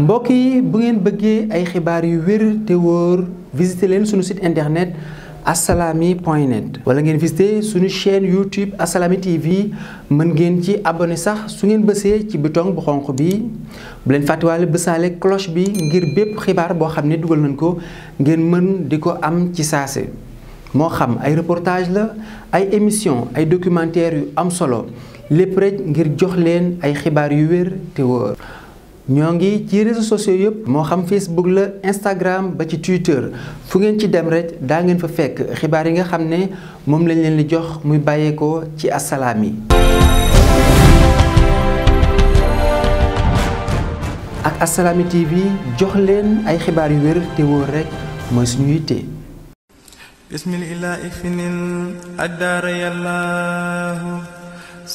mbokk yi bu ngeen bëggee ay xibaar yu wér te wóor visité leen suñu site internet assalaami point net wala ngeen visité suñu chaîne YouTube assalaami TV mën ngeen ci abonné sax su ngeen bësee ci bouton bu xonq bi bu leen fàttewaale bësaale cloche bi ngir bépp xibaar boo xam ne dugal nañ ko ngeen mën di ko am ci saase moo xam ay reportage la ay émission ay documentaire yu am solo lépp rek ngir jox leen ay xibaar yu wér te wóor ñoo ngi ci réseaux sociaux yëpp moo xam Facebook la Instagram ba ci Twitter fu ngeen ci dem rek daa ngeen fa fekk xibaar yi nga xam ne moom lañ leen di jox muy bàyyeekoo ci Assalaamy ak Assalaamy TV jox leen ay xibaar yu wér te wóor rek mooy suñu yitte.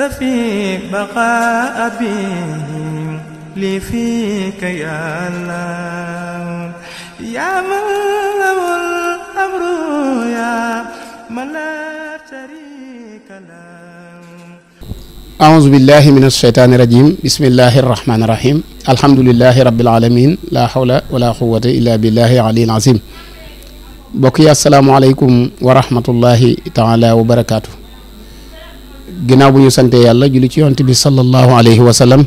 سفي بقاء أبيهم لي فيك يا الله يا من له الأمر يا من لا شريك له أعوذ بالله من الشيطان الرجيم بسم الله الرحمن الرحيم الحمد لله رب العالمين لا حول ولا قوة إلا بالله العلي العظيم بقي السلام عليكم ورحمة الله تعالى وبركاته ginnaaw bu ñu santee yàlla julli ci yonent bi sallallahu alayhi wa sallam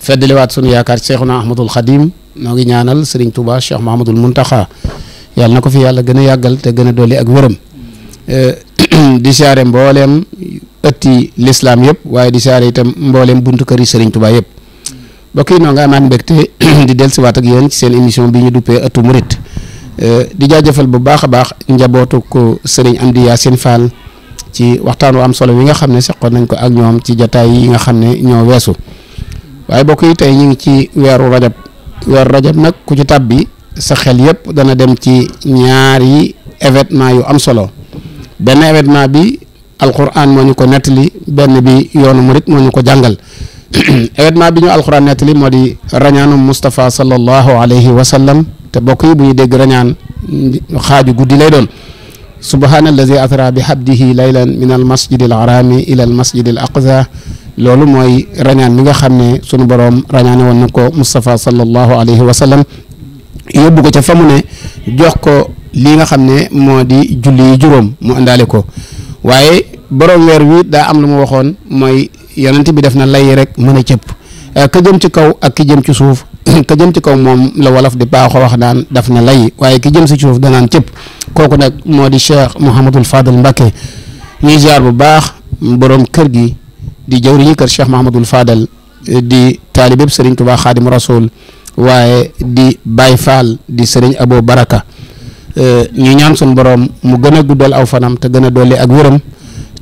feddaliwaat sunu yaakaar Cheikhuna Ahmadul Xadim moo ngi ñaanal Serigne Touba Cheikh Mahamadul Muntaxa yàlla na ko fi yàlla gën a yàggal te gën a dolli ak wërëm eh, di siyaare mbooleem ëtti lislaam yëpp waaye di siyaare itam mbooleem buntu kër yi Serigne Touba yëpp mbokk yi noo nga amaat mbégte di dellusiwaat ak yéen seen émission bi ñu duppee ëttu murit eh, di jaajëfal bu baax a baax njabootu ko Serigne Amdi Yaasin Fall ci waxtaan wu am solo wi nga xam ne seqoon nañ ko ak ñoom ci jataay yi nga xam ne ñoo weesu waaye bokk yi tey ñu ngi ci weeru rajab weeru rajab nag ku ci tàbbi sa xel yëpp dana dem ci ñaari événement yu am solo benn événement bi alquran moo ñu ko nettali benn bi yoonu murit moo ñu ko jàngal événement bi ñu alquran nettali moo di rañaanum Moustapha sallallahu alayhi wa sallam te bokk yi bu ñu dégg rañaan xaaju guddi lay doon subhaana allazi asra bi habdihi laylan min al masjid al harami ila al masjid al aqsa loolu mooy rañaan mi nga xam ne sunu boroom rañaane woon na ko Moustapha sallallahu alayhi wa sallam yóbbu ko ca fa ne jox ko lii nga xam ne moo di julli juróom mu àndaale ko waaye boroom weer wi daa am lu mu waxoon mooy yonent bi def na lay rek mën a cëpp euh, ka jëm ci kaw ak ki jëm ci suuf ka jëm ci kaw moom la wolof di baaxoo wax daan daf na lay waaye ki jëm ci suuf danaan cëpp kooku nag moo di Cheikh Mouhamadul Fadal Mbacke ñuy ziar bu baax borom kër gi di jawriñu kër Cheikh Mouhamadul Fadal eh, di taalibeb Serigne Touba Khadim Rasoul waaye di Baye Fall di Serigne Abo Baraka eh, ñu ñaan sun borom mu gën a guddal aw fanaam te gën a dolli ak wëram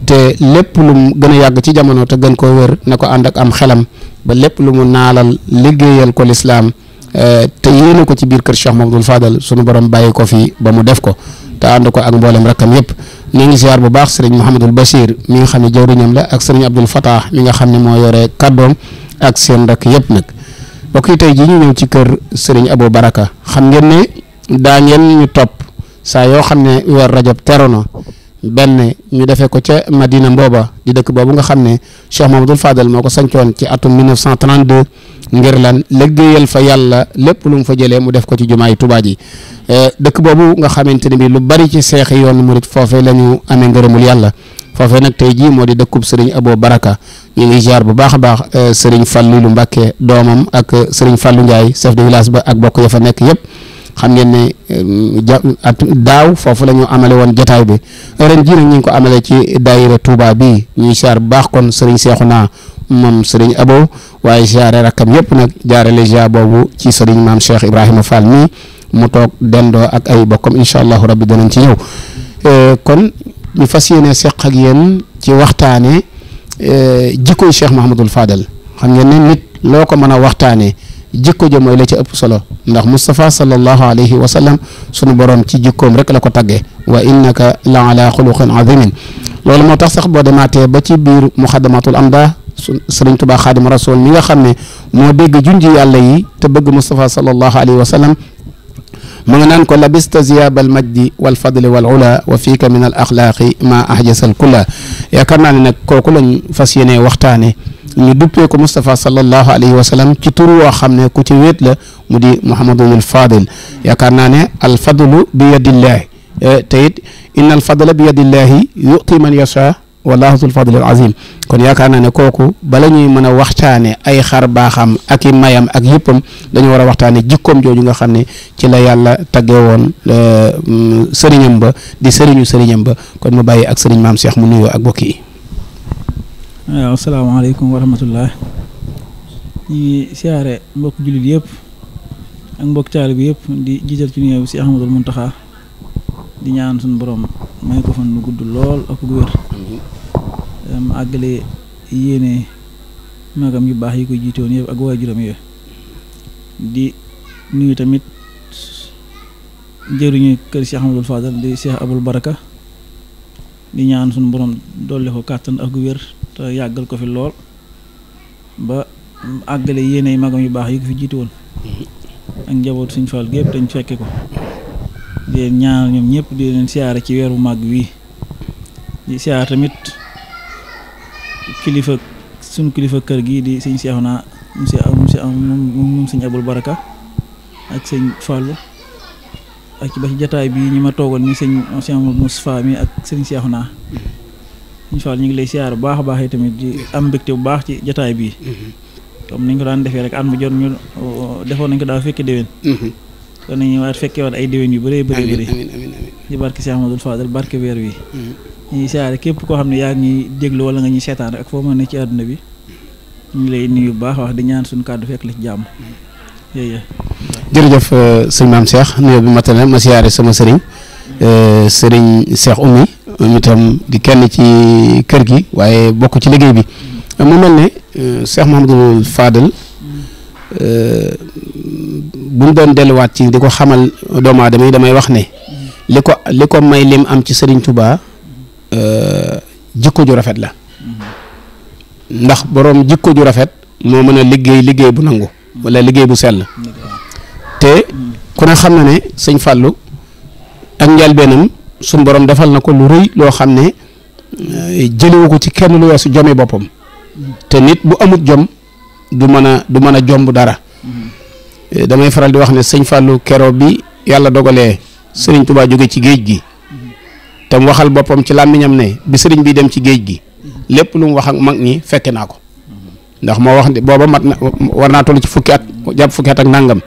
te lépp lu mu gën a yàgg ci jamono te gën koo wër na ko ànd ak am xelam ba lépp lu mu naalal liggéeyal ko lislaam eh, te yéene ko ci biir kër Cheikh Mamadou Fadal sunu borom bàyyi ko fi ba mu def ko te ànd ko ak mboolem rakkam yëpp ñu ngi ziar bu baax sëriñ Mouhamadul Bachir mi nga xam ne jawriñam la ak sëriñ Abdul Fatah mi nga xam ne moo yore kàddoom ak seen rakk yëpp nag mbokk yi tey jii ñu ñëw ci kër sëriñ Abou Baraka xam ngeen ne daa ngeen ñu topp saa yoo xam ne weer rajab teru na benn ñu defee ko ca Madina mbooba di dëkk boobu nga xam ne Cheikh Mouhamadul Fadel moo ko sancoon ci atum 1932. ngir lan liggéeyal fa yàlla lépp lu mu fa jëlee mu def ko ci jumaay Tuubaa ji eh, dëkk boobu nga xamante ne bi lu bari ci seex yoonu murit foofee la ñu amee ngërëmul yàlla foofee nag tey jii moo di dëkkub sëriñ aboo Baraka ñu ngi ziar bu baax a baax sëriñ lu Mbàkke doomam ak eh, sëriñ Fallu Njaay chef de village ba ak bokk ya fa nekk yëpp xam ngeen ni eh, ja at daaw foofu la ñu amale woon jataay bi ren jii nag ñu ngi ko amale ci daayira Touba bii ñuy ziar bu baax kon sëriñ naa moom sëriñ Abo waaye jaare rakkam yëpp nag jaarale ja boobu ci sëriñ maam Cheikh Ibrahima Fall mii mu toog dendoo ak ay bokkam incha allah rabbi danañ ci ñëw euh, kon ñu fas yéene seq ak yéen ci waxtaane euh, jikkoy Cheikh Mahamadul Fadal xam ngeen ne nit loo ko mën a waxtaanee jikko ja mooy la ci ëpp solo ndax Moustapha sallallahu alayhi wa sunu borom ci jikkoom rek la ko taggee wa innaka la ala xuluqin azimin loolu moo tax sax boo demaatee ba ci biir muxadamatul su sëriñ Tuubaa Xaadimu Rasuul mi nga xam ne moo dégg junji yàlla yi te bëgg Moustapha sallallahu alayhi wa sallam mu nga naan ko labista ziyaab al majdi wal fadli wal ula wa fiika min al axlaaqi ma ahjasal kula yaakaar naa ne nag kooku lañ fas yéene waxtaane ñu duppee ko Moustapha sallallahu alayhi wa sallam ci tur woo xam ne ku ci wéet la mu di Mouhamadul Fadil yaakaar naa ne al fadlu bi yadillahi eh, te it inna al fadla bi yadillahi yu'ti man yasha wallaahu zul azim kon yaakaar naa ne kooku bala ñuy mën a waxtaane ay xar baaxam ak i mayam ak yëppam dañu war a waxtaane jikkoom jooju nga xam ne ci la yàlla tagge woon euh, sëriñam ba di sëriñu sëriñam ba kon mu bàyyi ak sëriñ maam Cheikh mu nuyoo ak bokk yi waaw asalaamaaleykum wa rahmatullah ñi siyaare mbokk jullit yëpp ak mbokk taalib yëpp di jiital ci nuyoo bi si Ahmadul Muntaxa di ñaan suñu borom may ko fan lu gudd lool ak gu wér mu àggale yéene magam yu baax yi ko jiite woon yëpp ak waajuram yooyu di nuyu tamit jëruñu kër Cheikh Amadou Fadal di Cheikh Abul Baraka di ñaan suñ borom dolli ko kàttan ak gu wér te yàggal ko fi lool ba àggale yéene magam yu baax yi ko fi jiite ak njaboot suñ Fall gépp dañ fekke ko leen ñaanal ñoom ñëpp di leen siyaare ci weeru màgg wii di siyaare tamit kilifa suñ kilifa kër gi di sëñ Seexuna monsieur monsieur moom sëñ Abul Baraka ak sëñ Fallou ak ci ba ci jataay bi ñu ma toogal ni sëñ Cheikh Moustapha mi ak sëñ Seexuna ñu ngi lay siyaar bu baax a baax yi tamit di am mbégte bu baax ci jataay bii comme niñ ko daan defee rek at mu jot ñu defoon nañ ko daaw fekke déwén kon mm-hmm. nañu waat fekkee waat ay déwén yu bëree bëri bëri ci barke Cheikh Amadou Fadel barke weer wi ñuy mm-hmm. siyaare képp koo xam ne yaa ngi déglu wala nga ñuy seetaan ak foo mën ne ci àdduna bi ñu ngi lay nuyu baax di ñaan suñu kàddu fekk la ci jàmm mm-hmm. yéyé jërëjëf euh, sëñ maam Cheikh na ma siyaare sama sëriñ euh, sëriñ Cheikh itam di kenn ci kër gi waaye bokk ci liggéey bi mu mel ne euh, Cheikh Mahamadou Fadel bu mu doon delluwaat ci di ko xamal doomu aadama yi damay wax ne li ko li ko may lim am ci Serigne Touba euh, jikko ju rafet la ndax borom jikko ju rafet moo mën a liggéey liggéey bu nangu wala liggéey bu sell te ku ne xam na ne sëñ Fallou ak njëlbeenam suñ boroom defal na ko lu rëy loo xam ne euh, jëlewu ko ci kenn lu weesu jomi boppam te nit bu amut jom du mën a du mën a jomb dara mm-hmm. eh, damay faral di wax ne sëñ Fallou kero bi yàlla dogalee sëriñ Touba jóge ci géej gi mm-hmm. te mu waxal boppam ci làmmiñam ne bi sëriñ bi dem ci géej gi mm-hmm. lépp lu mu wax ak mag ni fekke naa ko mm-hmm. ndax moo wax ne booba mat na war naa toll ci fukki at jàpp fukki at ak nangam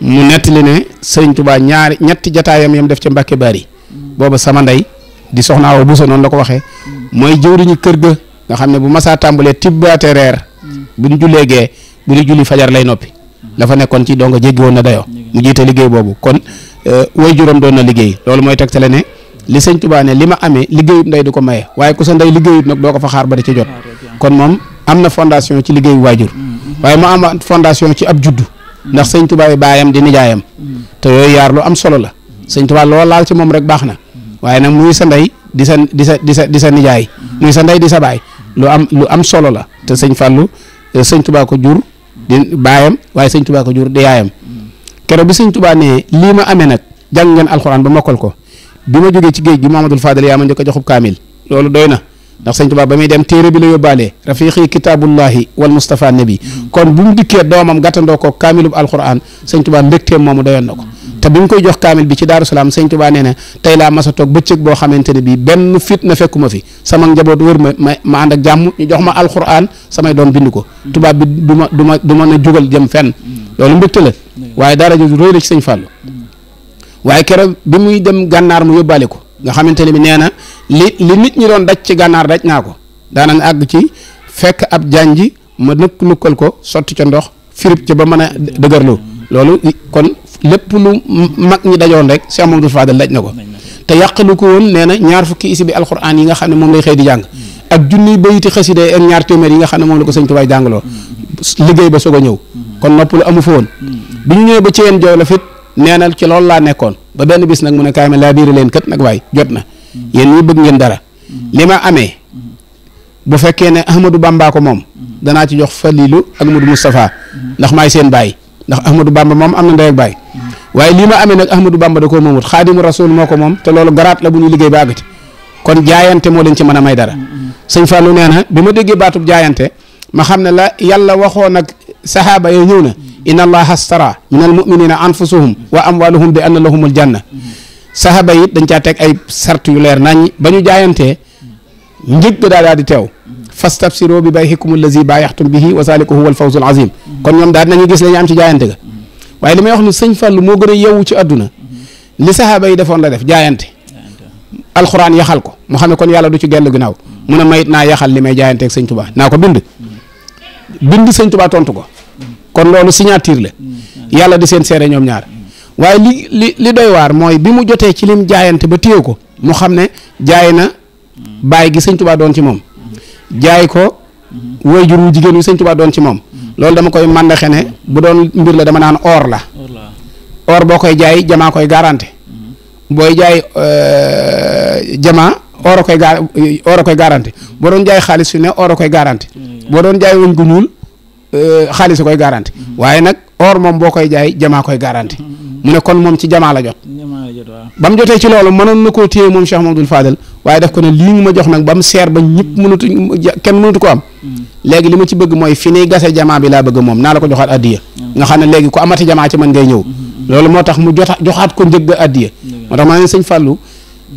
mu nettali ne sëriñ Touba ñaari ñetti jataayam yam def ca Mbàkke yi booba sama ndey di soxna Awa Bousso noonu la ko waxee mooy jëwriñu kër ga nga xam ne bu masaa tàmbalee tibbaate reer bu ñu jullee gee bu ñu julli fajar lay noppi dafa nekkoon ci donc jéggi na dayoo Euh, way juróom doon na liggéey loolu mooy teg tegtale ne li sëñ Tuubaa ne li ma amee liggéeyut ndey du ko maye waaye ku sa ndey liggéeyut nag doo ko fa xaar ba di ci jot kon moom am na fondation ci liggéeyu waajur waaye mu am fondation ci ab juddu ndax sëñ Tuubaa yi baayam di nijaayam te yooyu yaar lu am solo la sëñ Tuubaa loolu laal ci moom rek baax na waaye nag muy sa ndey di sa di sa di sa di sa nijaay muy sa ndey di sa baay lu am lu am solo la te sëñ Fallou sëñ jur di baayam waaye sëñ jur di keroog bi sëñ Tuubaa ne lii ma amee nag jàng ngeen alxuraan ba mokkal ko bi ma jógee ci géej gi Muhammadul Faadal yaa ma njëkk a joxub kaamil loolu doy na ndax sëñ Tuubaa ba muy dem téere bi la yóbbaale rafiqi kitaabullahi wal mustafa nabi kon bu mu dikkee doomam gàttandoo ko kaamilub alxuraan sëñ Tuubaa mbégteem moomu doyoon na ko te bi mu koy jox kaamil bi ci Daaru Salaam sëñ Tuubaa nee na tey laa mas a ba bëccëg boo xamante ne bii benn fit na fekkuma fi sama njaboot wër ma ma ma ànd ak jàmm ñu jox ma alxuraan samay doon bind ko tubaab bi du ma du ma du ma na jugal jëm fenn loolu mbégte la waaye daara jooju rëy la ci sëñ Fallou mm. waaye keroog bi muy dem gànnaar mu yóbbaale ko nga xamante ne bi nee na li li nit ñi doon daj ci gànnaar daj naa ko daanañ àgg ci fekk ab janji ma nëkk nukkal ko sotti ca ndox firib ca ba mën a dëgërloo loolu kon lépp lu mag ñi dajoon rek Cheikh Mamadou Fadal daj na ko te yàqalu ko woon nee na ñaar fukki isi bi alxuraan yi nga xam ne moom lay xëy di jàng mm. ak junniy bayiti xasida ak ñaar téeméer yi nga xam ne moom la ko sëñ Tuubaa jàngaloo mm. liggéey ba soog a ñëw kon noppalu amu fa woon bi ñu ñëwee ba ci yéen jolof it neenal ci loolu laa nekkoon ba benn bis nag mu ne kaay ma laa biiri leen kat nag waay jot na yéen ñi bëgg ngeen dara li ma amee bu fekkee ne Ahmadou Bamba ko moom danaa ci jox Falilu ak Modou Moustapha ndax maay seen baay ndax Ahmadou Bamba moom am na ndey ak baay waaye lii ma amee nag Ahmadou Bamba da koo moomut xaadimu rasul moo ko moom te loolu garaat la bu ñu liggéey ba àggati kon jaayante moo leen ci mën a may dara sëñ Fallou nee na bi ma déggee baatub jaayante xam ne la yàlla waxoon ak sahaaba yo ñëw na inna allaha astara min almuminina anfusahum wa amwaluhum bi anna lahum aljanna sahaaba yi dañ caa teg ay sart yu leer nañ ba ñu jaayantee njëg ga daa daa di teew fastabsiro bi bayhikum allazi baayaxtum bihi wa zalika huwa alfawzu alazim kon ñoom daal nañu gis la ñu am ci jaayante ga waaye li may wax ni sëñ Fallou moo gën a yeewu ci àdduna li sahaaba yi defoon la def jaayante alxuraan yaxal ko mu xam ne kon yàlla du ci gellu ginnaaw mu ne mayit naa yaxal li may jaayanteeg sëñ Tuubaa naa ko bind bind sëñ Tuubaa tontu ko kon loolu signature la yàlla di seen seere ñoom ñaar waaye li li li doy waar mooy bi mu jotee ci lim jaayante ba téye ko mu xam ne jaay na bàyyi gis sëñ tubaa doon ci moom jaay ko waajur wu jigéen wi sëñ tubaa doon ci moom loolu dama koy màndaxe ne bu doon mbir la dama naan or la or boo koy jaay jamaa koy garanti booy jaay euh, jamaa or a koy gar or garanti boo doon jaay xaalis fi ne or a koy garanti boo doon jaay wëñ gu ñuul Euh, xaalis a koy garanti waaye nag or moom boo koy jaay jamaa koy garanti mu ne kon moom ci jamaa la jot bam mu jotee ci loolu mënoon na koo téye moom Cheikh Mamadou Fadel waaye daf ko ne lii nga ma jox nag ba mu seer ñëpp mënatu kenn mënatu ko am léegi li ma ci bëgg mooy fi ni gase jamaa bi laa bëgg moom naa ko joxaat addiya nga xam ne léegi ku amati jamaa ci mën ngay ñëw loolu moo tax mu jota joxaat ko njëgg addiya moo tax maa ngi sañ Fallou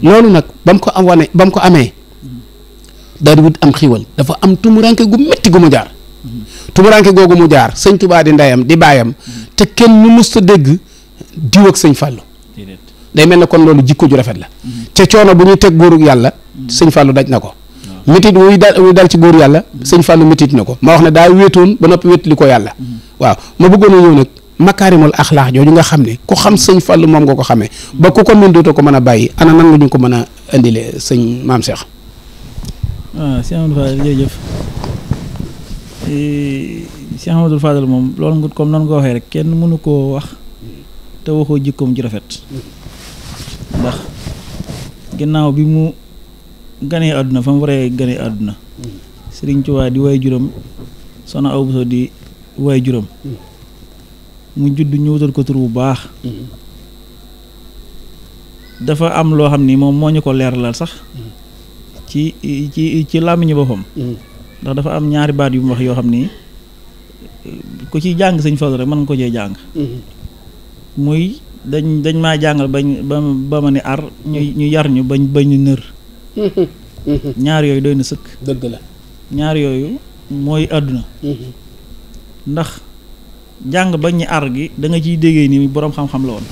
loolu nag ba ko am wane ba ko amee daal di wut am xiiwal dafa am tumuranke gu métti gu mu jaar tumuraanke googu mu jaar sëñ tubaa di ndeyam di baayam te kenn mu nu sa dégg diw ak sëñ fàllu day mel ne kon loolu jikko ju rafet la te coono bu ñu teg góorug yàlla sëñ fàllu daj na ko mitit wuy dal wuy ci góor yàlla sëñ fàllu mitit na ko ma wax ne daa wéetoon ba noppi wétli ko yàlla waaw ma bëggoon a ñëw nag makaarimul axlaax jooju nga xam ne ku xam sëñ fàllu moom nga ko xame ba ku ko mën dootoo ko mën a bàyyi ana nan la ñu ko mën a indilee sëñ maam Cheikh. Cheikh Amadou Fadal moom loolu nga comme nan nga ko waxee rek kenn mënu koo wax te waxoo jikkoom ju rafet ndax ginnaaw bi mu ganee àdduna fa mu waree ganee àdduna Sëriñ Tuubaa di way juróom Soxna Awa Bousso di way juróom mu judd ñu wutal ko tur bu baax dafa am loo xam ni moom moo ñu ko lal sax ci ci ci làmmiñu boppam ndax dafa am ñaari baat yu mu wax yoo xam nii ku ci jàng sëñ Fallou rek mën nga ko cee jàng. Mm-hmm. muy dañ dañ maa jàngal ba ba ma ne ñu bañ bañ ñu nër. Mm-hmm. yooyu doy sëkk. dëgg la ñaar yooyu mooy àdduna. Mm-hmm. ndax jàng bañ ñu ar gi da ciy déggee ni boroom xam la woon.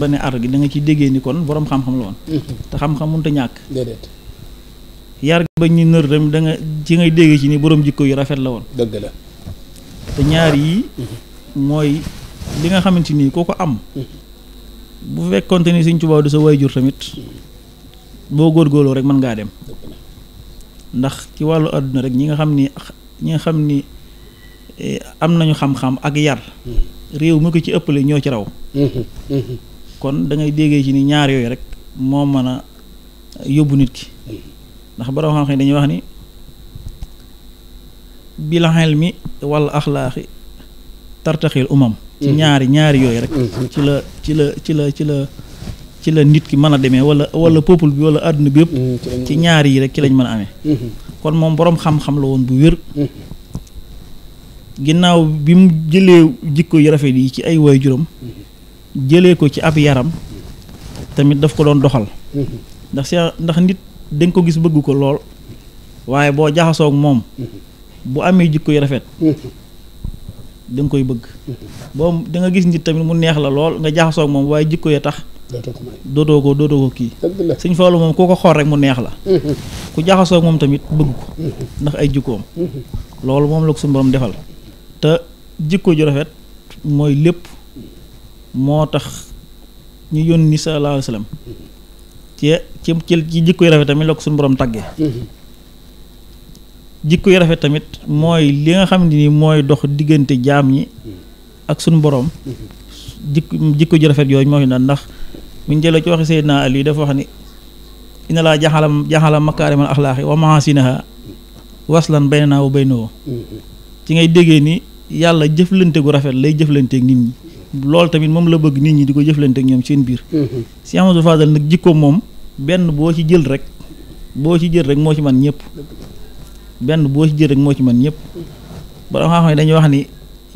ba ne ar gi danga ciy déggee ni kon boroom xam-xam la woon. te xam-xam mënut a ñàkk. yar ba ñu nër tamit da nga ci ngay dégg ci ni borom jikko yu rafet la woon. dëgg te ñaar yii mm-hmm. mooy li nga xamante ni koo ko am. bu fekkonte ni Sëñ Tuubaa du sa jur tamit boo góor góorgóorloo rek mën ngaa dem ndax ci wàllu àdduna rek ñi nga xam ni ñi nga xam ni e, am nañu xam-xam ak yar mm-hmm. réew mi ko ci ëppale ñoo ci raw mm-hmm. kon da déggee ci ni ñaar yooyu rek moo mën a yóbbu nit ki ndax borom xam-xam dañuy wax ni bil mi walla axlaaqi tartaxil umam ci mm-hmm. ñaari ñaari yooyu rek mm-hmm. ci la ci la ci la ci la ci la nit ki mën a demee wala wala mm-hmm. peuple bi wala àdduna bi yëpp ci ñaari yi rek ci lañ mën a amee kon moom boroom xam-xam la woon bu wér ginnaaw bi mu jëlee jikko yi rafet yi ci ay waajuram jëlee ko ci ab yaram tamit daf ko doon doxal ndax ndax nit da ko gis bëgg ko lool waaye boo jaxasook moom bu amee jikko yu rafet da koy bëgg boo danga gis nit tamit mu neex la lool nga jaxasoo moom waaye jikko ya tax dootoo ko dootoo ko kii sëñ Fallou moom koo ko xool rek mu neex la ku jaxasoo moom tamit bëgg ko ndax ay jikkoom loolu moom la ko suñu borom defal te jikko ju rafet mooy lépp moo tax ñu yónni sallallahu alayhi wa sallam ci ci ci jikko yu rafet tamit la ko suñu borom mm-hmm. jikko yu rafet tamit mooy li nga xam ne ni mooy dox diggante jaam yi mm-hmm. ak suñu boroom mm-hmm. jikko jikko ju rafet yooyu moo ñu naan ndax buñ jëlee ci waxi Seydina Ali dafa wax ni inna laa jaxala jaxala makaarimal axlaaqi wa mahasinaha waslan baynana wa baynahu ci ngay déggee ni yàlla jëflante gu rafet lay jëflanteek nit ñi loolu tamit moom la bëgg nit ñi di ko jëflanteek ñoom seen biir si Amadou Fadal nag jikko moom benn boo ci jël rek boo ci jël rek moo ci man ñëpp benn boo ci jël rek moo ci man ñëpp borom xam-xam yi dañuy wax ni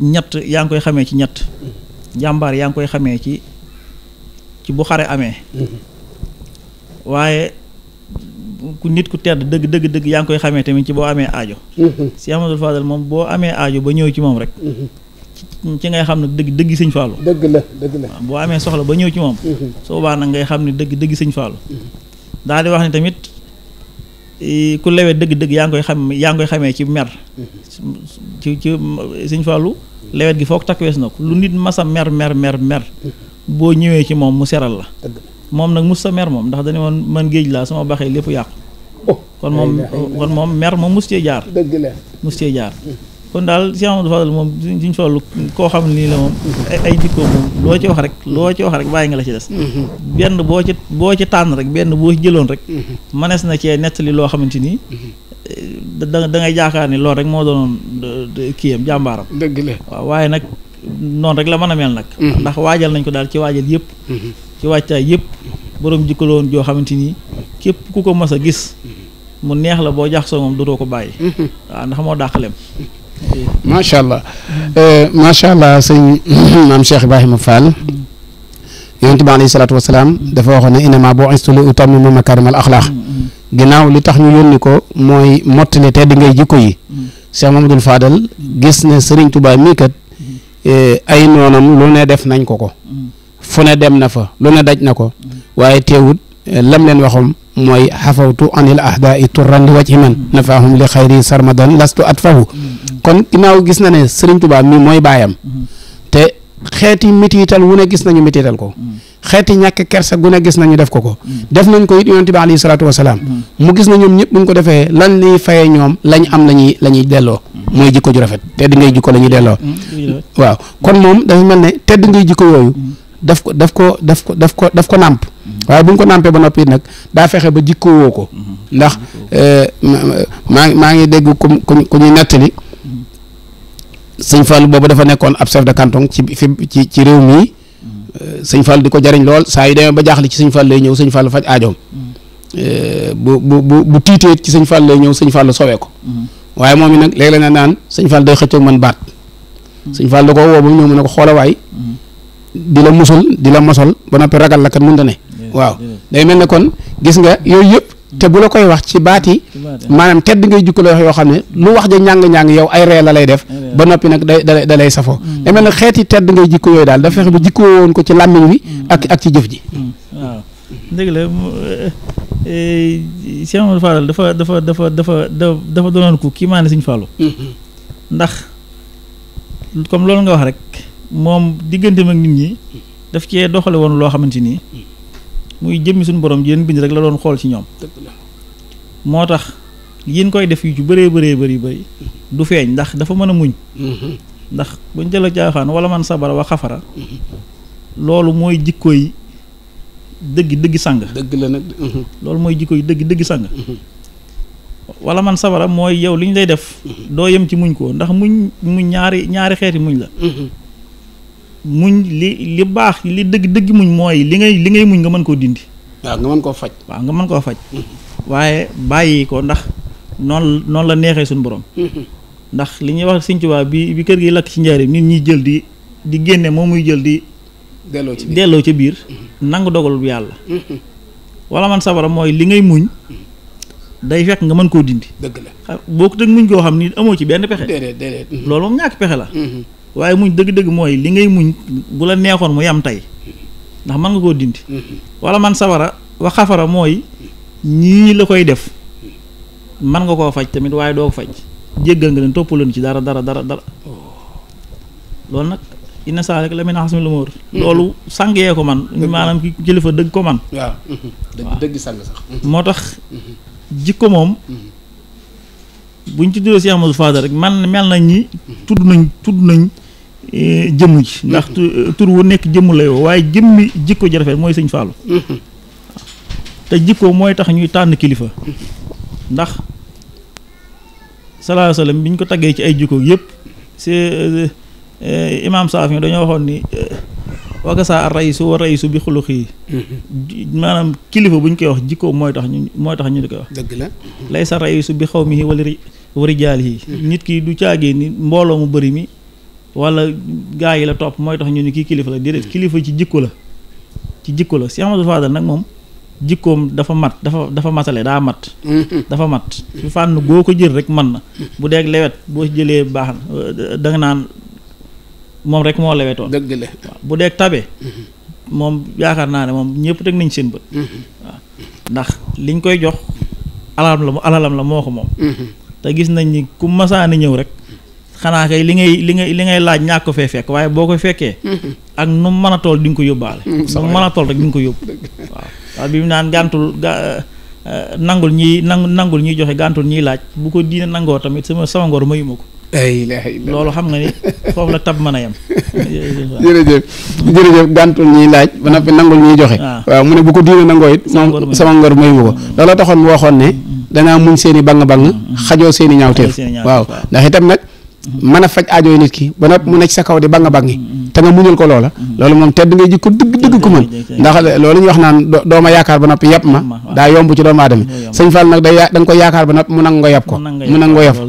ñett yaa ngi koy xamee ci ñett jàmbaar yaa ngi koy xamee ci ci bu xare amee waaye ku nit ku tedd dëgg dëgg dëgg yaa ngi koy xamee tamit ci boo amee aajo si Amadou Fadal moom boo amee ajo ba ñëw ci moom rek ci ngay xam ne dëgg dëgg sëñ Fallou dëgg la dëgg la boo amee soxla ba ñëw ci moom mhm. su boobaa nag ngay xam ne dëgg dëgg sëñ Fallou mhm. daal di wax ne tamit ku lewee dëgg dëgg yaa ngi koy xam yaa ngi koy xamee ci mer mhm. ci ci sëñ Fallou lewet gi foog takwees na ko lu nit masa mer mer mer mer boo ñëwee ci moom mu seral la moom nag mus sa mer moom ndax dañu woon man géej laa sama baxee lépp yàqu oh. kon moom kon moom mer moom mus cee jaar mus cee jaar kon daal Cheikh Amadou Fadal moom suñ soll koo xam nii la moom ay jikkoo moom loo ci wax rek loo ci wax rek bàyyi nga la ci des mm-hmm. benn boo ci boo ci tànn rek benn boo ci jëloon rek mënees mm-hmm. na cee nettali loo xamante nii mm-hmm. da da jaakaar ni loolu rek moo doonoon kiyam jàmbaaram dëgg waaye nag noonu rek la mën a mel nag ndax waajal nañ ko daal ci waajal yëpp ci wàccaay yépp boroom jikko joo xamante nii képp ku ko mas a gis mu neex la boo jax soo moom dootoo ko bàyyi ndax moo dàqalem macha allah eh, macha allah sëñ maam Cheikh Ibrahima Fall yonent bi alayhi salaatu wasalaam dafa waxoon ne innama boo installé utammima makaarimal axlaaq ginnaaw li tax ñu yónni ko mooy mottali te di ngay jikko yi Cheikh Mamadou Fadal gis ne Serigne Touba mii kat eh, ay noonam lu ne def nañ ko ko fu ne dem na fa lu ne daj na ko waaye teewut lam leen waxoon mooy xafawtu anil ahdaai turran li wajhi man nafaahum li xayri sarmadan lastu atfahu kon ginnaaw gis na ne Serigne Touba mi mooy baayam te xeeti mitiital wu ne gis nañu mitiital ko xeeti ñàkk kersa gu ne gis nañu def ko ko def nañ ko it yonent bi alayhi salaatu wasalaam mu gis na ñoom ñëpp buñ ko defee lan liy fayee ñoom lañ am lañuy la ñuy delloo mooy jikko ju rafet tedd ngay jikko la ñuy delloo waaw kon moom dafa mel ne tedd ngay jikko yooyu daf ko daf ko daf ko daf ko daf ko nàmp waaye bu ñu ko nampee ba noppi nag daa fexe ba jikkoowoo ko ndax eh, maa maa ngi dégg ku ku ñuy nettali sëñ Fall boobu dafa nekkoon ab chef de canton ci fi ci ci réew mii eh, sëñ Fall di ko jariñ lool saa yu ba jaaxle ci sëñ Fall lay ñëw sëñ Fall faj aajoom eh, bu bu bu tiitee ci sëñ Fall lay ñëw sëñ Fall sowee ko waaye moom i nag léeg-léeg na naan sëñ Fall day xëccoog man baat sëñ Fall da ko woo ba mu ñëw mu ne ko xoola waay di la musal di la mosal ba noppi ragal la kat mënta ne waaw day mel ne kon gis nga yooyu yëpp te bu la koy wax ci baati maanaam tedd ngay jukka la wax yoo xam ne lu wax ja ñàng-ñàng yow ay ree la lay def ba noppi nag day da lay safoo mm. day mel ne xeeti tedd ngay jikko yooyu daal dafa fexe ba jikkoo woon ko ci làmmiñ wi mm. ak ak ci jëf ji mm. waaw dëgg la eh, eh, Cheikh Amadou Fall dafa dafa dafa dafa dafa doonoon ku kii maa ne Sëñ Fallu mm-hmm. ndax comme loolu nga wax rek moom diggante mag nit ñi daf cee doxale woon loo xamante nii muy jëmmi suñu borom yéen bind rek la doon xool ci ñoom moo tax yin koy def yu ci bëree bëree bëri bëri du feeñ ndax dafa mën a muñ mm-hmm. ndax buñ jëla jaafaan wala man sabara wa xafara mm-hmm. loolu mooy jikkooy dëgg dëgg sàng dëgg la nag mm-hmm. loolu mooy jikkooy dëgg dëgg sàng wala man sabara mooy yow li ñu lay def doo yem ci muñ ko ndax muñ muñ ñaari ñaari xeeti muñ la muñ li li baax li dëgg dëgg muñ mooy li ngay li ngay muñ nga mën koo dindi. waaw nga mën koo faj. waaw nga mën koo faj. Mm-hmm. waaye bàyyi ko ndax noon noonu la neexee suñ borom. Mm-hmm. ndax li ñuy wax Sëñ bi bi kër gi lakk ci njaareem nit ñuy jël di di génne moom muy jël di. delloo ci biir ci biir. Mm-hmm. nangu dogal bu yàlla. wala man sabara mooy li ngay muñ. day fekk nga mën koo dindi. dëgg la ah, boo ko teg muñ koo xam ni amoo ci benn pexe. déedéet loolu moom ñàkk pexe la. waaye muñ dëgg-dëgg mooy li ngay muñ bu la neexoon mu yam tey ndax mën nga koo dindi mm-hmm. wala man sawara wa xafara mooy ñii la koy def mën nga koo faj tamit waaye doo faj jéggal nga leen toppaleen ci dara dara dara dara oh. loolu nag inna saa rek la muy naxas mi lu ma loolu sang yee ko man maanaam ki kilifa dëgg ko man waaw mm-hmm. dëgg mm-hmm. moo tax jikko moom buñ ci tuddee Cheikh Amadou Fadal rek man mel na ñi tudd nañ tudd nañ Eh, jëmm ji ndax eh, tur wu nekk jëmm lay woo waaye jëmmi jikko ji rafet mooy sëñ Fallou mm-hmm. te jikko mooy tax ñuy tànn kilifa mm-hmm. ndax salaahu salaam bi ñu ko taggee ci ay jikko yëpp c'est eh, imaam Saafi dañoo waxoon ni wakasaa raysu wa raysu bi xulux yi mm-hmm. maanaam kilifa bu ñu koy wax jikko mooy tax ñu mooy tax ñu di koy wax dëgg la bi xaw mi wala wari yi nit ki du caagee ni mbooloo mu bari mi wala gaa yi la topp mooy tax ñu ni kii kilifa la déedéet kilifa ci jikko la ci jikko la Cheikh Amadou Fadal nag moom jikkoom dafa mat dafa dafa matale daa mat dafa mat fi fànn goo ko jël rek man na bu dee lewet boo jëlee baax na da naan moom rek moo lewetoon dëgg bu dee tabe moom yaakaar naa ne moom ñëpp teg nañ seen bët waaw ndax liñ koy jox alalam la alalam la moo ko moom te gis nañ ni ku masaani ñëw rek xanaa kay li ngay li ngay li ngay laaj ñàkk ko fee fekk waaye boo ko fekkee. Mm-hmm. ak nu mu a toll di nga ko yóbbaale. Mm-hmm. nu mu mën a toll rek di ko yóbbu. waaw waaw bi mu naan gàntul ga euh, euh, nangul ñiy nangu nangul ñiy joxe gàntul ñiy laaj bu ko diine nangoo tamit sama sama ngor ko. loolu xam nga ni foofu la tab a yem. jërëjëf jërëjëf gàntul laaj ba noppi nangul ñuy joxe. Ah. waaw mu bu ko diine nangoo it. sama ngor ma ko mm-hmm. taxoon mu waxoon ne. danaa muñ seeni i bang bang xajoo seen ñaawteef waaw ndax itam nag mën a faj aajo nit ki ba noppi mu nekk sa kaw di banga bangi te nga muñal ko loola loolu moom tedd ngay jikko dëgg dëgg ko mën ndax loolu ñu wax naan dooma yaakaar ba noppi yàpp ma daa yomb ci doomu aadama sëñ Fall nag day da ko yaakaar ba noppi mu nangu nga yàpp ko mu nangu nga yàpp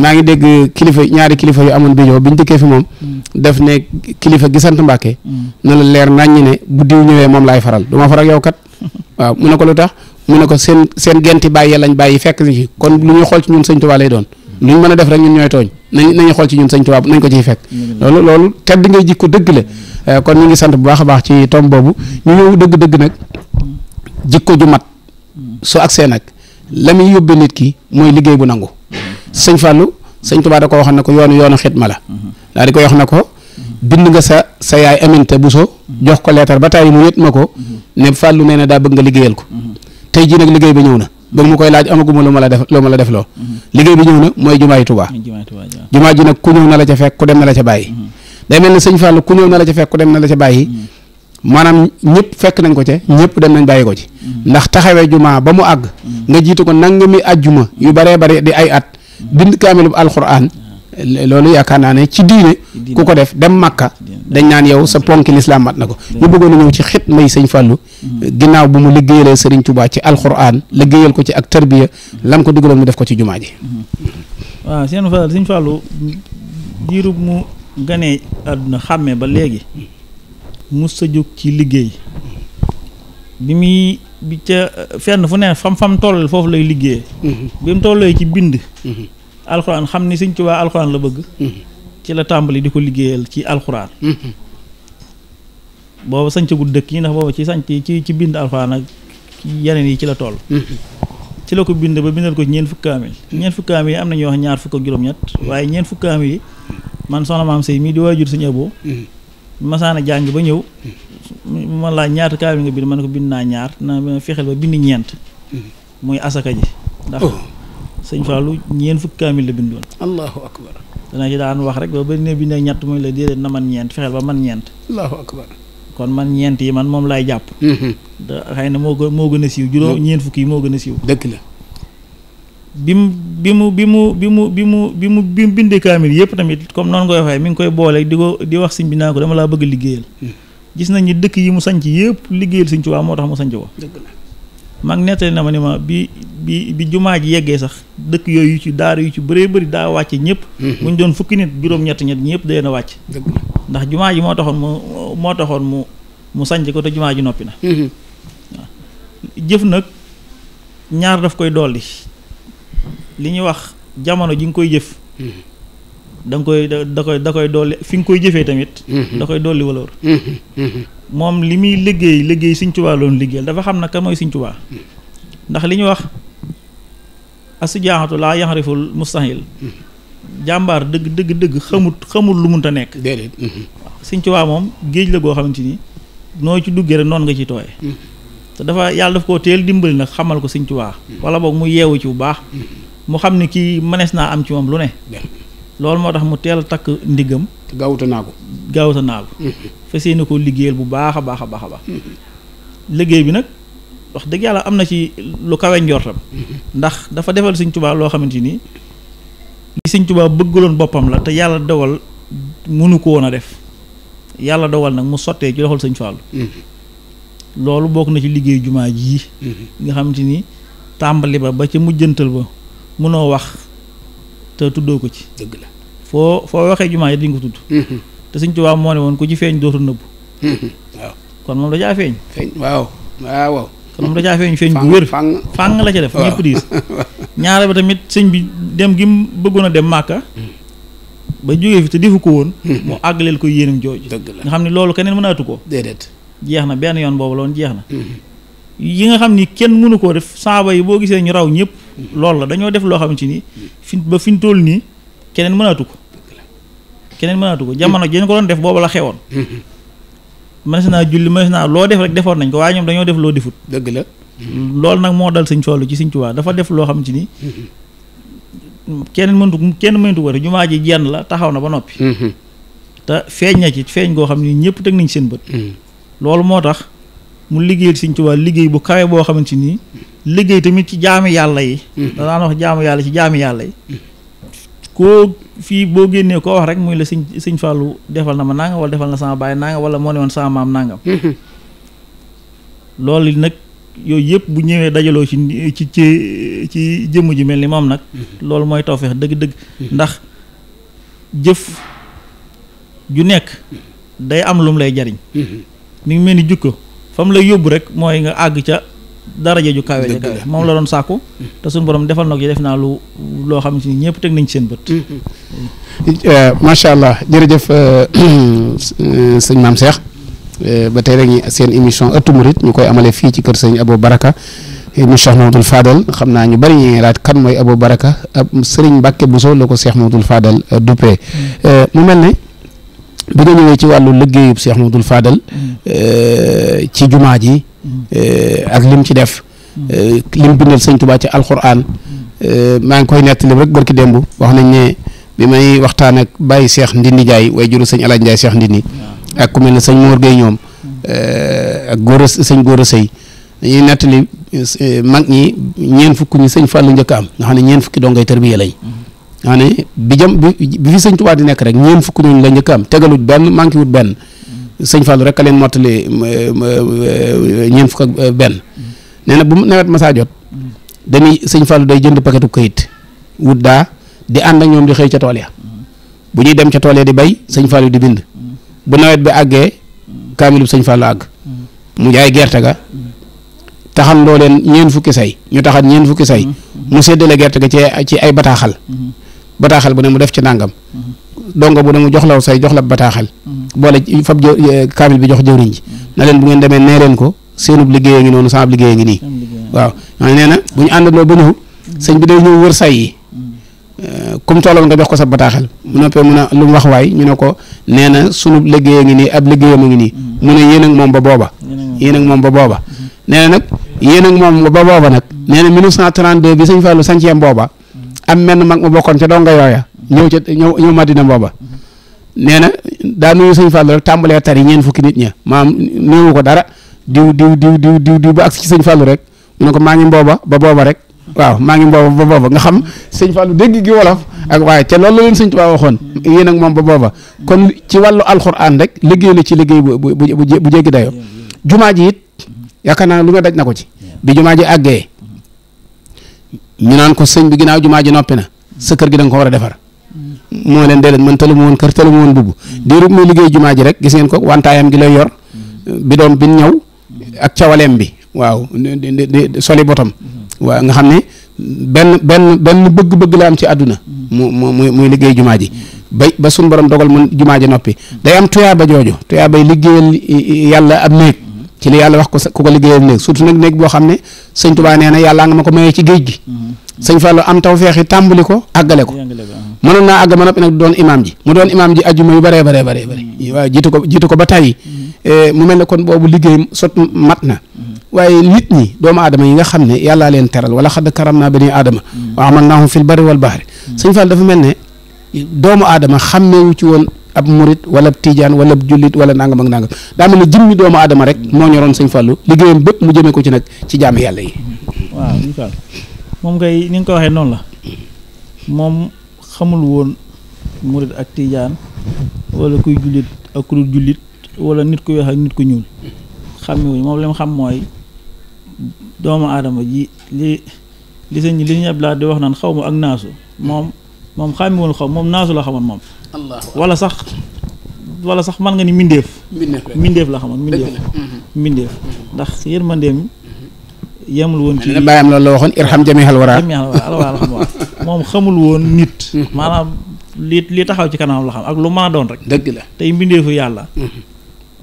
maa ngi dégg kilifa ñaari kilifa yu amoon bijoo bi ñu dëkkee fi moom mm. def ne kilifa gi sant Mbàkke mm. na la leer naññi ne bu diw ñëwee moom laay faral du ma faral yow kat mu ne ko lu tax mu ne ko seen seen genti bàyyi lañ bàyyi fekk ci kon lu ñuy xool ci ñun sëñ Tuubaa lay doon mm. luñ mën a def rek ñun ñooy tooñ nañ nañu xool ci ñun sañ Tuubaa nañ ko ciy fekk loolu loolu tedd ngay jikko dëgg la euh, kon ñu ngi sant bu baax a baax ci tom boobu ñu ñëw dëgg-dëgg nag jikko ju mat su agsee nag la muy yóbbee nit ki mooy liggéey bu nangu sëñ Fallou sëñ Tuubaa da ko wax na ko yoonu yoonu ma la daal di ko wax na ko bind nga sa sa yaay aminte bu so jox ko leetar ba tàyyi mu yët ma ko ne Fallou nee na daa bëgg nga liggéeyal ko tey jii nag liggéey ba ñëw na ba mu koy laaj amaguma lu ma la def lu ma la def loo liggéey bi ñëw na mooy jumaay Tuubaa jumaa ji nag ku ñëw na la ca fekk ku dem na la ca bàyyi mm-hmm. day mel ne sëñ Fallou ku ñëw na la ca fekk ku dem na la ca bàyyi mm-hmm. maanaam ñëpp fekk nañ ko ca ñëpp dem nañ bàyyi ko ci mm-hmm. ndax taxawee jumaa ba mu àgg nga jiitu ko mi nangami juma yu baree bari di ay at bind kaamilu alxuraan loolu yaakaar naa ne ci diine ku ko def dem Makka dañ naan yow sa ponk lislaam mat na ko ñu bëggoona a ñëw ci xit may sëñ Fallou ginnaaw bu mu liggéeyalee Sëriñ Tuubaa ci alxuraan liggéeyal ko ci ak tarbiya lam ko digaloon mu def ko ci jumaa ji waaw seen Fall sëñ Fallou diirub mu ganee àdduna xàmme ba léegi mu sa ci liggéey bi muy bi ca fenn fu ne fam-fam toll foofu lay liggéey mm-hmm. bi mu tollee ci bind mm-hmm. alxuraan xam ni sëñ Tuubaa alxuraan la bëgg mm-hmm. ci la tàmbali di ko liggéeyal ci alxuraan. booba sañcagul dëkk yi ndax booba ci sañc ci ci bind alxuraan ak yeneen yi ci la toll. ci la ko bind ba bindal ko ñeent fukk kaamil ñeent am na wax ñaar fukk ak waaye ñeent fukki kaamil yi man soxna maam sëy mii di waajur suñ abo masaana jàng ba ñëw ma laaj ñaata kaamil nga bind ma ne ko bind naa ñaar na fexeel ba bind ñeent muy asaka ji ndax oh. sëñ Fallou ñeent fukki kaamil la bindoon dana ci daan wax rek ba ba ne bi ne ñett mooy la déedéet na man ñeent fexeel ba man ñeent allahu akbar kon man ñeent yi man moom laay jàpp mm-hmm. da xëy na moo gën moo gën a siiw juróom ñeent fukki yi moo gën a siiw dëgg la bi mu bi mu bi mu bi mu bi mu bi mu bi mu bindee kaamil yëpp tamit comme noonu nga koy waxee mi ngi koy boolee di ko di wax sëñ bi ko dama laa bëgg liggéeyal mm-hmm. gis nañ ni dëkk yi mu sanc yëpp liggéeyal sëñ Tuubaa moo tax mu sanc ko dëgg la mag nettali na ma ni ma bi bi bi jumaa ji yeggee sax dëkk yooyu yu ci daara yu ci bëree bëri daa wàcce ñëpp mhm. bu ñu doon fukki nit juróom-ñett ñett ñëpp dee na wàcc ndax jumaa ji moo taxoon mu moo taxoon mu mu sanc ko te jumaa ji noppi na mhm. jëf nag ñaar daf koy dolli li ñuy wax jamono ji nga koy jëf mhm. da koy da koy da koy dolli fi nga koy jëfee tamit da koy dolli wala moom li muy liggéey liggéey Sëñ Tuubaa loon liggéeyal dafa xam na ka mooy Sëñ Tuubaa ndax li ñu wax asijaaxatu laa yaxriful mustahil jàmbaar dëgg dëgg dëgg xamut xamul lu mun munta nekk déedéet mhm. waaw moom géej la goo xamante ni noo ci duggee rek noonu nga ci tooye mhm. te dafa yàlla daf koo teel dimbali nag xamal ko Sëñ Tuubaa mhm. wala boog mu yeewu ci bu baax mu xam ne kii mënees naa am ci moom lu ne loolu moo tax mu teel a takk ndiggam. gaawuta naa mm-hmm. ko. gaawuta naa ko. fas koo liggéeyal bu baax a baax a baax a mm-hmm. liggéey bi nag wax dëgg yàlla am na ci lu kawe njortam. Mm-hmm. ndax dafa defal Sëñ Tuubaa loo xamante ni li Sëñ Tuubaa bëggaloon boppam la te yàlla dogal mënu ko woon a def yàlla dogal nag mu sottee ci loxol Sëñ Fallu. loolu bokk na ci liggéey jumaa jii. nga xamante ni tàmbali ba ba ca mujjantal ba mënoo wax. te tuddoo ko ci. dëgg foo foo waxee jumaa yi dañ ko tudd. Mm-hmm. te Sëñ Tuubaa moo ne woon ku ci feeñ dootul nëbbu. Mm-hmm. waaw kon moom da caa feeñ. feeñ waaw waaw. kon da caa feeñ feeñ bu wër. fang fang la ca def ñëpp diis. ñaare ba tamit sëñ bi dem gi mu bëggoon a dem màkka ba jógee fi te defu ko woon. moo mm-hmm. àggaleel ko yéenam jooju. la nga xam ne loolu keneen mënaatu ko. déedéet. jeex na benn yoon boobu la woon jeex na. yi nga xam ni kenn mënu koo def saaba yi boo gisee ñu raw ñëpp. loolu la dañoo def loo xamante ni fi ba fi ñu nii keneen mënatu ko keneen mënaatu ko jamono jeen ko def boobu la xewoon mënees naa julli mënees naa loo def defoon nañ ko waaye ñoom dañoo def loo defut dëgg la loolu nag moo dal sëñ Fallu ci sëñ Tuubaa dafa def loo xamante ni keneen mëntu kenn mëntu ko jumaa ji jenn la taxaw na ba noppi mhm. te feeñ na ci feeñ goo xam ni ñëpp teg nañ seen bët mhm. loolu moo tax mu liggéeyal sëñ Tuubaa liggéey bu kawe boo xamante nii liggéey tamit ci jaami yàlla yi. Hmm. danaan wax jaamu yàlla ci jaami yàlla yi. Hmm. koo fii boo génnee koo wax rek muy la sëñ sëñ Fallou defal na ma nangam wala defal na sama baay nangam wala moo ne woon sama maam nangam. Hmm, loolu nag yooyu yëpp bu ñëwee dajaloo ci ci ci jëmm ji mel ni moom nag. loolu mooy tawfeex dëgg-dëgg. ndax jëf ju nekk day am lum lay jariñ. mi ngi mel ni jukko fa mu lay yóbbu rek mooy nga àgg ca. daraja ju kawe ja kawe moom la doon sàkku te suñu borom defal na ko def naa lu loo xam ni ñëpp teg nañ seen bët eh, macha allah jërëjëf eh, sëñ maam Cheikh eh, ba tey rek ñi seen émission ëttu murit ñu koy amale fii ci kër sëñ Abou Baraka mu Cheikh Mamadou Fadal xam naa ñu bari ñu laaj kan mooy Abou Baraka ab sëriñ Mbàkke Bousso la ko Cheikh Mamadou Fadal duppee mm. mu mel ne bi nga ñëwee ci wàllu liggéeyub Cheikh Mamadou Fadal mm. ci jumaa ji Eh, ak lim ci def eh, lim bindal sëñ Tuubaa ci alxuraan eh, maa ngi koy nettali rek barki démb wax nañ ne bi may waxtaan ak Baye Cheikh Ndindi Ndiaye way juru sëñ Alaaji Ndiaye Cheikh Ndindi ak ku mel ne sëñ Mor Gueye ñoom ak góor sëñ góor a sëy dañuy nettali mag ñi ñeen fukk ñi sëñ Fàllu njëkk am nga xam ne ñeen fukki dongay tarbiya lañ nga xam ne bi jëm bi fi sëñ Tuubaa di nekk rek ñeen fukk ñooñu la njëkk am tegalut benn manqué wut benn sëñ Fallou rek a leen mottali eh, ñeent fukk ak eh, benn nee na bu nawet masaa jot dañuy sëñ Fallou day jënd paquetu kayit wut daa di ànd ak ñoom di xëy ca tool ya bu ñuy dem ca tool ya di bay sëñ Fallou di bind bu nawet bi àggee kaamilub sëñ Fallou àgg mu ay gerte ga taxan loo leen ñeen fukki say ñu taxan ñeen fukki say mu séddale gerte ga ci ci ay bataaxal bataaxal bu ne mu def ci nàngam dongo bu ne mu jox law say jox la bataaxal boole fab jë eh, kaamil bi jox jëwriñ ji na leen bu ngeen demee nee leen ko seenub liggéey ngi noonu saab liggéey ngi nii waaw ñooñu nee na bu ñu àndandoo ba ñëw sëñ bi day ñëw wër say yi comme eh, tolloon nga jox ko sa bataaxel mu noppee mun a lu mu wax waay ñu ne ko nee na sunub liggéey ngi nii ab liggéeyam a ngi nii mm-hmm. mu ne yéen ak moom ba booba yéen ak moom ba booba mm-hmm. nee na nag yéen ak moom ba booba nag nee na 1932 bi sëñ Fallou sancièm booba am menn mag ma bokkoon ca donga yooya ñëw ca ñëw ñëw Madina booba mm-hmm. nee na daa nuyu sëñ Fallou rek tàmbalee tari ñeen fukki nit ña maam néewu ko dara diw diw diw diw diw ba agsi ci sëñ Fallou rek mu ne ko maa ngi mbooba ba booba rek waaw maa ngi mbooba ba booba nga xam sëñ Fallou dégg gi wolof ak waaye te loolu la leen sëñ Tuubaa waxoon yéen ak moom ba booba kon ci wàllu alxuraan rek liggéey la ci liggéey bu bu bu jéggi dayo jumaa ji it yaakaar naa lu nga daj na ko ci bi jumaa ji àggee ñu naan ko sëñ bi ginnaaw jumaa ji noppi na sa kër gi da ko war a defar moo leen dee leen man tëlu ma woon kër tëlu ma woon bubb diirub muy liggéey jumaa ji rek gis ngeen ko wantaayam gi lay yor bi doom bi ñaw ak cawaleem bi waaw soli botam waa nga xam ne benn benn benn bëgg-bëgg la am ci àdduna mu mu muy muy liggéey jumaa ji ba sun suñu borom dogal mun jumaa ji noppi day am tuyaaba jooju tuyaabay liggéeyal eh, yàlla ab néeg ci li yàlla wax ko ku ko liggéeyal néeg surtout nag néeg boo xam ne sëñ Tuubaa nee na yàllaa nga ma ko mayee ci géej gi mm-hmm. sëñ Fallou am taw tàmbali ko àggale ko mënoon naa àgg ma noppi doon imaam ji mu doon imaam ji ajjuma yu bëree bëree bëree bëri mm-hmm. waaw jiitu ko jiitu ko ba tàyyi mm-hmm. eh, mu mel ne kon boobu liggéey sot mat na mm-hmm. waaye nit ñi doomu aadama yi nga xam ne yàllaa leen teral wala xadd karam naa bani aadama wa amal naahum fil barri wal bahri dafa mel ne doomu aadama xàmmeewu ci woon ab murit wala ab tijaan wala ab jullit wala nangam ak nangam daa mel ne jëmmi doomu adama rek moo ñoroon sëñ Fallu liggéeyam bépp mu jëmee ko ci nag ci jaami yàlla yi waaw moom kay ni nga ko waxee noonu la xamul woon murit ak tiijaan wala kuy jullit ak ku dul jullit wala nit ku weex ak nit ku ñuul xam xàmmewuñ moom li mu xam mooy doomu aadama ji li li sëñ li ñu ablaat di wax naan xaw ma ak naasu moom moom woon xaw moom naasu la xamoon moom wala sax wala sax mën nga ni mbindeef mbindeef la xamoon mbindeef mm-hmm. mbindeef mm-hmm. ndax yërmandeem mm-hmm. yemul woon ci baayam loolu la waxoon irham jami alwara jami alwara alwara moom xamul woon nit. Mm-hmm. maanaam li li taxaw ci kanamam la xam ak lu maa doon rek. dëgg la tey mbindeefu yàlla. Mm-hmm.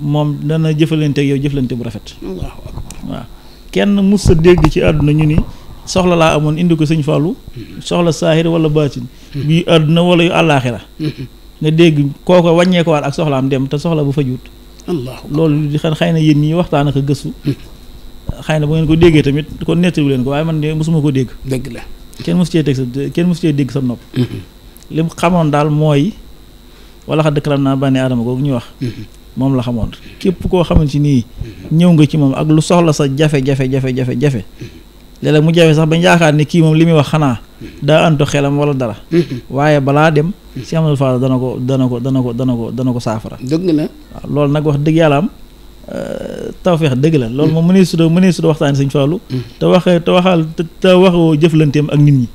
moom dana jëflante ak yow jëflante bu rafet. waaw kenn mus sa dégg ci àdduna ñu ni soxla laa amoon indi ko sëñ Fallou. Mm-hmm. soxla saahir wala baatin. bii àdduna wala yu àllaaxira nga dégg kooko wàññee ko waat ak dem te soxla bu fa juut. loolu di xan na yéen ñii waxtaan ak a gëstu. na bu ngeen ko déggee tamit kon nettali leen ko waaye man de mosuma ko dégg. dëgg la. kenn mosu cee sa kenn mosu cee dégg sa nopp. Mm-hmm. li mu xamoon daal mooy wala xa dëkkalam naa bànnee aadama kooku ñuy wax. Mm-hmm. moom la xamoon mm-hmm. képp koo xamante ni ñëw nga ci moom ak lu soxla sa jafe-jafe jafe-jafe jafe jafe jafe jafe jafe léeg mu jafe sax bañ yaakaar ni kii moom li muy wax xanaa daa antu xelam wala dara. waaye balaa dem. si amadou Fall dana ko dana ko dana ko dana ko dana ko saafara. dëgg la waaw loolu nag wax dëgg yàlla am tawfeex dëgg la loolu moom mënee sudo mënee sudo waxtaani sëñ Fallou te waxee te waxal te waxoo jëflanteem ak nit ñi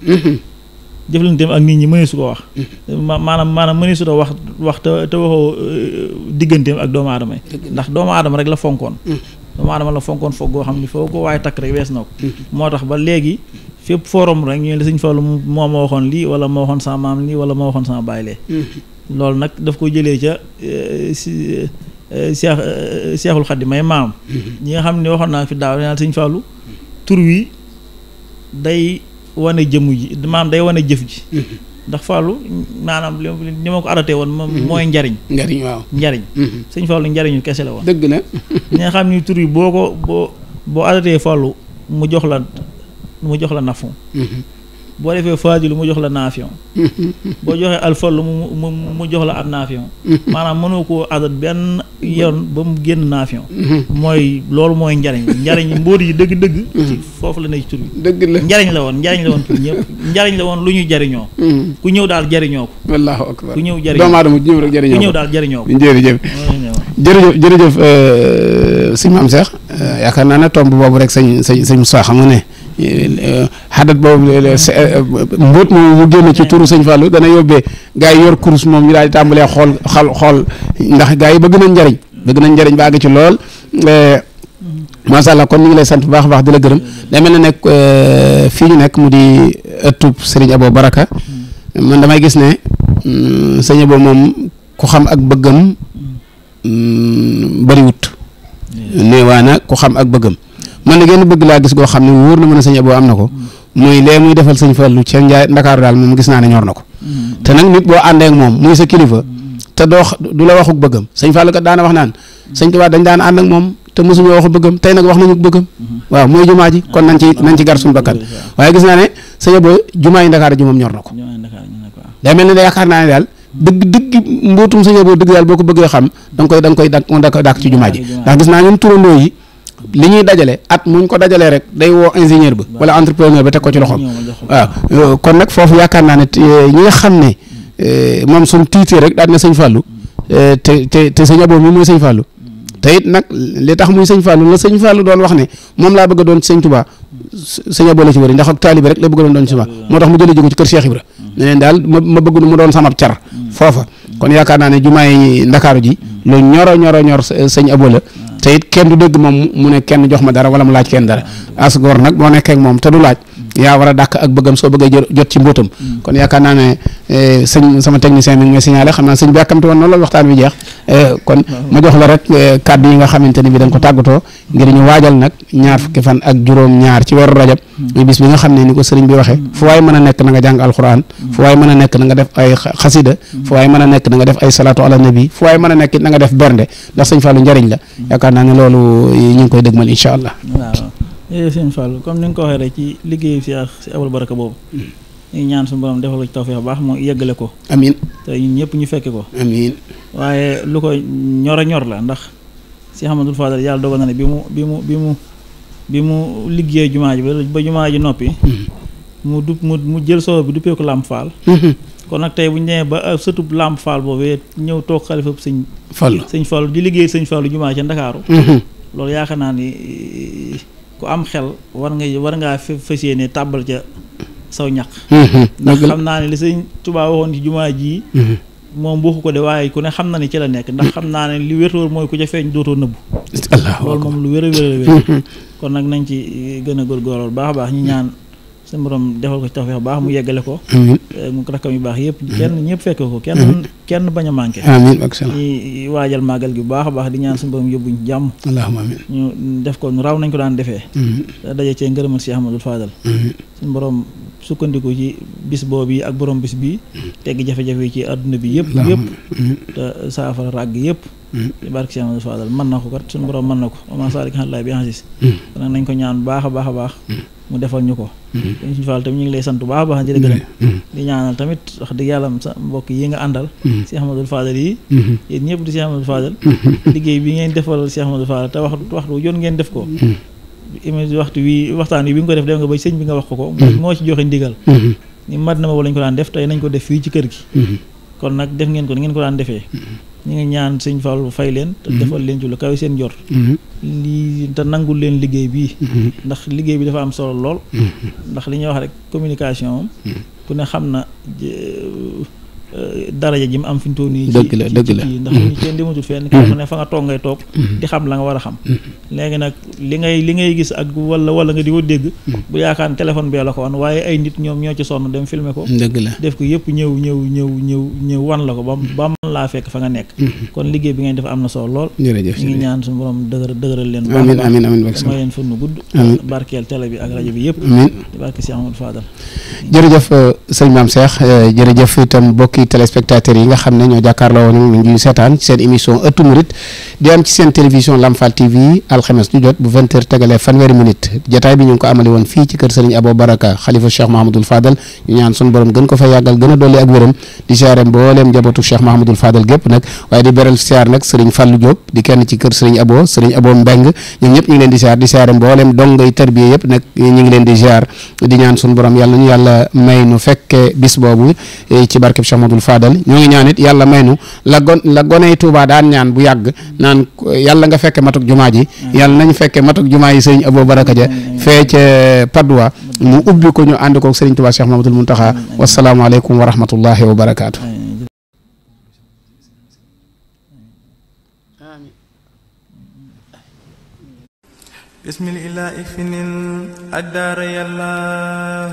jëflanteem ak nit ñi mënee su ko wax maanaam maanaam ma sudo wax wax te te waxoo euh, digganteem ak doomu aadama yi ndax doomu aadama rek la fonkoon mm. doomu aadama la fonkoon foog goo xam ni foo ko waaye takk rek wees na ko mm. moo tax ba léegi fépp forum rek ñu ne sëñ Fallou moo ma waxoon lii wala ma waxoon sama maam lii wala ma waxoon sama baay Euh, Cheikh euh, Cheikhul Khadim may maam. Mm-hmm. ñi nga xam ne waxoon naa fi daaw naa sëñ Fallou tur wi day wane jëmm ji maam day wane jëf ji. Mm-hmm. ndax Fallou maanaam li ma ko arrêté woon. moom mm-hmm. mooy njariñ. njariñ waaw njariñ. sëñ Fallou njariñu kese la woon. dëgg na. ñi xam ni tur yi boo ko boo boo arrêté Fallou mu jox la mu jox la nafu. boo defee lu mu jox la naafion boo joxee lu mu mu jox la ab naafion maanaam mënoo ko adat benn yoon ba mu génn naafion mooy loolu mooy njariñ njariñ mbóot yi dëgg-dëgg foofu la ne ci tur bi dëgg la njariñ la woon njariñ la woon la woon lu ñu jariñoo ku ñëw daal jariñoo ko wallaahu akbar ku ñëw jariñoo doomu aadama ñëw rek jariñoo ku ñëw daal jariñoo ko jërëjëf jërëjëf jërëjëf euh, sëñ Maam Cheikh euh, yaakaar naa ne tomb boobu rek sañ sañ sañ xam nga ne xadat boobu euh, mbóot moom mu génn ci turu sëñ Fallou dana yóbbee gaa yi yor kurus moom ñu daal di tàmbalee xool xal xool ndax gaa yi bëgg nañ njariñ bëgg nañ njariñ ba àgg ci lool eh, macha allah kon ñu ngi lay sant bu baax a baax di la gërëm day mel ne nag euh, fii ñu nekk mu di ëttub Serigne Abo Baraka man damay gis ne mm, sëñ Abo moom ku xam ak bëggam mm, bëriwut néewaana ku xam ak bëggam man na genn bëgg laa gis goo xam ne wóor na mën a sëñ Abo am na ko muy lee muy defal sëñ Fallu ca Njaay Ndakaaru daal moom gis naa ne ñor na ko te nag nit boo àndee moom muy sa kilifa la waxuk daana wax naan sëñ Tuubaa dañ daan ànd ak moom te mosuñu waxu bëggam tey nag wax nañu bëggam waaw mooy jumaa ji kon nañ ci nañ ci gar suñu bakkan waaye gis naa ne sëñ Abo jumaa yi Ndakaar ji moom ñor na ko day mel ne da yaakaar naa ne daal dëgg dëgg mbootum sëñ Abo dëgg daal boo ko bëggee xam da nga koy da koy dàkk ci jumaa ji ndax gis naa ñun turandoo yi li ñuy dajale at muñ ko dajalee rek day woo ingénieur ba wala entrepreneur ba teg ko ci loxoom waaw euh, kon nag foofu yaakaar naa ne euh, ñi nga xam ne euh, moom suñ tiitee rek daal na sëñ Fallou te te te sëñ Abo mi mooy sëñ Fallou te it nag li tax muy sëñ Fallou la sëñ Fallou doon wax ne moom laa bëgg doon sëñ Touba sëñ Abo la ci wëri ndax ak taalibe rek la bëgg a doon doon ci moo tax mu jëlee jóge ci kër Cheikh Ibra mm. ne daal ma ma bëgg mu doon samab car mm. foofa kon yaakaar naa ne jumaay Ndakaaru ji lu ñoro ñoro ñor sëñ Abo la te it kenn du dégg moom mu ne kenn jox ma dara wala mu laaj kenn dara as góor nag boo nekkee ak moom te du laaj yaa war a dàkk ak bëggam soo bëggee jot ci mbóotam mm. kon yaakaar naa ne eh, sëñ sama technicien mi ngi may signalé xam naa sëñ bi yàkkamti woon la waxtaan bi jeex eh, kon ah, ah. ma jox la rek eh, kàddu yi nga xamante ni bi dañ ko tàggatoo ngir ñu waajal nag ñaar fukki fan ak juróom ñaar ci weeru rajab mm. muy bis bi nga xam ne ni ko sëriñ bi waxee mm. fu waay a nekk na nga jàng alquran mën a nekk na nga def ay xasida fu mën a nekk na nga def ay salaatu ala nabi fu waay mën a nekk def bernde ndax sëñ Fallou njariñ la yaakaar naa ne loolu ñu ngi koy dëgmal incha allah yéen eh, sëñ Fall comme ni nga ko waxee rek ci liggéeyu si ak si abal baraka boobu ñu ñaan suñu borom defal ko ci tawfeex baax mu yeggale ko amiin te ñu fekke ko lu ko ñor a la ndax si Ahmadul Fadal na bi mu bi bi mu bi mu liggéey jumaa ji ba jumaa ji noppi mm-hmm. mu du mu mu jël solo bi duppee ko Lamp Fall mm-hmm. kon nag ba euh, sëtub Lamp Fall boobu ñëw toog xalifa sëñ Fall sëñ Fall di liggéey sëñ Fall jumaa ci Ndakaaru mm-hmm. loolu yaakaar naa ni ku am xel war nga war ngaa fas yéene tàbbal ca saw ñaq mm-hmm. ndax xam naa ne li sëñ Tuubaa waxoon ci jumaa jii mm-hmm. moom waxu ko de waaye ku ne xam na ni ci la nekk ndax xam naa ne li wétoor mooy ku ca feeñ dootoo nëbbu loolu moom lu wér a a wér kon nag nañ ci gën a góorgóorlu baax a baax ñu ñaan suñu borom defal ko ci tawfeex baax mu yeggale ko eh, mu rakkam yu baax yëpp kenn ñëpp fekke ko kenn mm-hmm. kenn bañ a manqué amiin ak salaam waajal màggal gi bu baax a baax di ñaan suñu borom yóbbuñ jàmm allahumma amiin ñu def ko ñu raw nañ ko daan defee daje cee ngërëmal si Ahmadul Fadal suñu borom sukkandiku ci bis boobu ak borom bis bi tegg jafe-jafe yi ci adduna bi yëpp yëpp te saafara ràgg yëpp ci barke Cheikh Amadou Fadal na ko kat suñu borom mën na ko wa maa zaalika alallaahi bi aziiz hmm. nag nañ ko ñaan baax a baax a baax hmm. mu defal ñu ko dañ hmm. suñu a la gërëm di ñaanal tamit wax dëgg yàlla sa mbokk yi nga àndal Cheikh Amadou Fadal yi yéen ñëpp di Cheikh Amadou Fadal liggéey bi ngeen defal Cheikh Amadou Fadal te waxtu waxtu yoon ngeen def ko émission waxtu wi waxtaan wi bi nga ko def dem nga ba sëñ bi nga wax ko daan def tey nañ ko def fii ci kër gi kon nag def ngeen ko ni ngeen ko daan defee ñu ngi ñaan sëñ Fallou fay leen. te mhm. defal leen ci la kawe seen jor. Mhm. lii te nangu leen liggéey bi mhm. ndax liggéey bi dafa am solo lool. ndax li ñuy wax rek communication ku ne xam na Euh, daraja ji mu am fi mu toll nii. dëgg la dëgg la ndax ñu kenn dematul fenn. kenn ku ne fa nga toog ngay toog. Mm-hmm. di xam la nga war a xam. Mm-hmm. léegi nag li ngay li ngay gis ak wala wala nga di ko dégg. Mm-hmm. bu yaakaar ne téléphone bee la ko wan waaye ay nit ñoom ñoo ci sonn dem filmer ko. la def ko yëpp ñëw ñëw ñëw ñëw ñëw wan la ko ba ba laa fekk fa nga nekk. kon liggéey bi ngeen def am na solo lool. jërëjëf ñu ngi ñaan suñu borom dëgër dëgëral leen. amiin amiin amiin ma leen fan nu gudd. amiin barkeel télé mbokki téléspectateurs yi nga xam ne ñoo jàkkaarloo woon ñu seetaan ci seen émission ëttu murit di am ci seen télévision Lamfal TV alxames du jot bu 20 tegalee fanweeri minute jotaay bi ñu ko amale woon fii ci kër Serigne Abo Baraka xalifa Cheikh Mahamadul Fadal ñu ñaan sun borom gën ko fa yàggal gën a dolli ak wéram di siyaare mbooleem njabootu Cheikh Mahamadul Fadal gépp nag waaye di beral siyaar nag Serigne Fallou Diop di kenn ci kër Serigne Abo Abdul Fadal ñoo ngi ñaan it yàlla may nu la gon la goney Touba daan ñaan bu yàgg naan yàlla nga fekke matuk jumaa ji yàlla nañ fekke matuk jumaa yi sëriñ Abo Baraka ja fee ca Padoua mu ubbi ko ñu ànd koog sëriñ Touba Cheikh Mamadul Muntaxa wasalaamaaleykum wa rahmatullahi wa barakaatu. بسم الإله الدار يا الله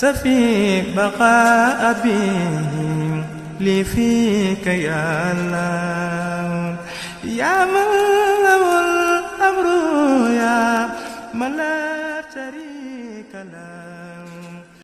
safi baqaa abihim li fika ya Allah ya man lahul amru ya man la